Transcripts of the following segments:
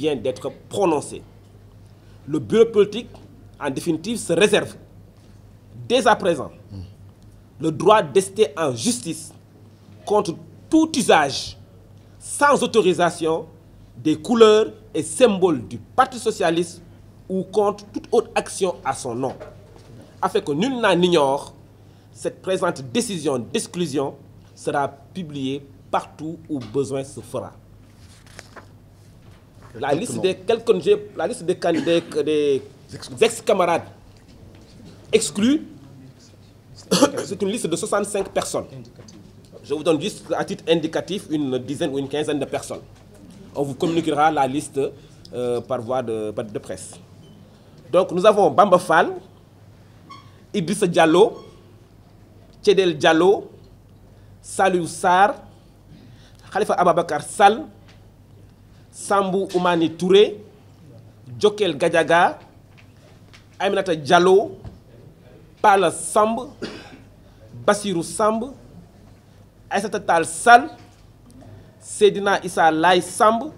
vient d'être prononcé. Le bureau politique, en définitive, se réserve dès à présent le droit d'ester en justice contre tout usage sans autorisation des couleurs et symboles du Parti socialiste ou contre toute autre action à son nom, afin que nul n'en ignore, cette présente décision d'exclusion sera publiée partout où besoin se fera la liste des la liste des ex-camarades exclus, c'est une liste de 65 personnes. Je vous donne juste à titre indicatif une dizaine ou une quinzaine de personnes. On vous communiquera la liste euh, par voie de, presse. Donc nous avons Bamba Fall, Idrissa Diallo, Tchedel Diallo, Salou Sar, Khalifa Ababakar Sal, Sambou Oumani Touré Jokel Gadjaga, Aminata Diallo Pala Samb Basirou Samb Aïssata Tal Sal, Sedina Issa Lay Samb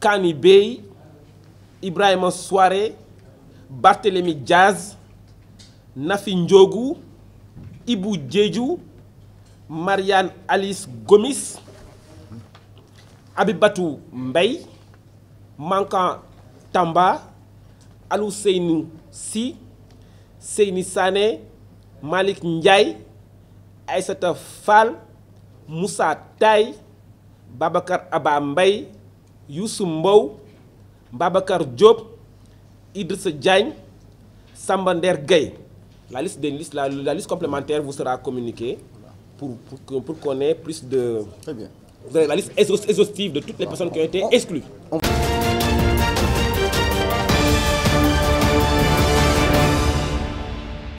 Kani Bey Ibrahim Soare, Barthélémy Jazz, Nafin Ndiogou Ibu Djejou, Marianne Alice Gomis Abibatou Mbaye Mankan Tamba Alou Seynou Si Seyni Sané Malik Ndiaye Aïssata Fall Moussa Tay Babacar Aba Mbaye Youssou Mbou, Babacar Diop Idrissa Diagne Sambander Gay. la liste des listes la, liste complémentaire vous sera communiquée pour pour, pour qu'on ait plus de Très bien. Vous avez la liste exhaustive de toutes les personnes qui ont été exclues.